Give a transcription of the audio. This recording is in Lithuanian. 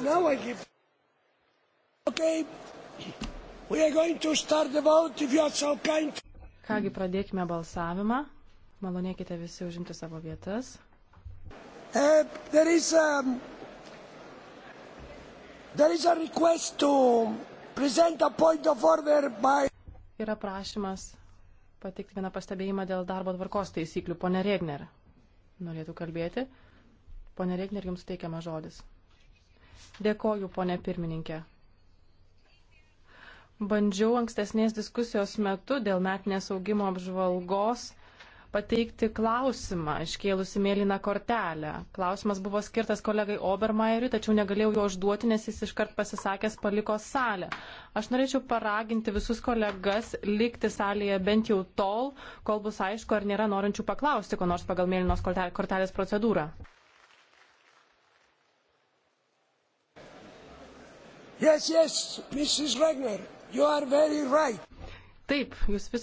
Now I give. Okay. We are going to start the vote if you are so kind. Kągi pradėkime balsavimą. Malonėkite visi užimti savo vietas. Uh, there is a, um, there is a request to present a point of order by. Yra prašymas pateikti vieną pastebėjimą dėl darbo tvarkos taisyklių. Pone Regner norėtų kalbėti. Pone Regner, jums teikiamas žodis. Dėkoju, ponė pirmininkė. Bandžiau ankstesnės diskusijos metu dėl metinės augimo apžvalgos pateikti klausimą, iškėlusi mėlyną kortelę. Klausimas buvo skirtas kolegai Obermeieriui, tačiau negalėjau jo užduoti, nes jis iškart pasisakęs paliko salę. Aš norėčiau paraginti visus kolegas likti salėje bent jau tol, kol bus aišku, ar nėra norinčių paklausti, ko nors pagal mėlynos kortelės procedūrą. Yes, yes, Mrs. Regner, you are very right. Taip, jūs visiškai.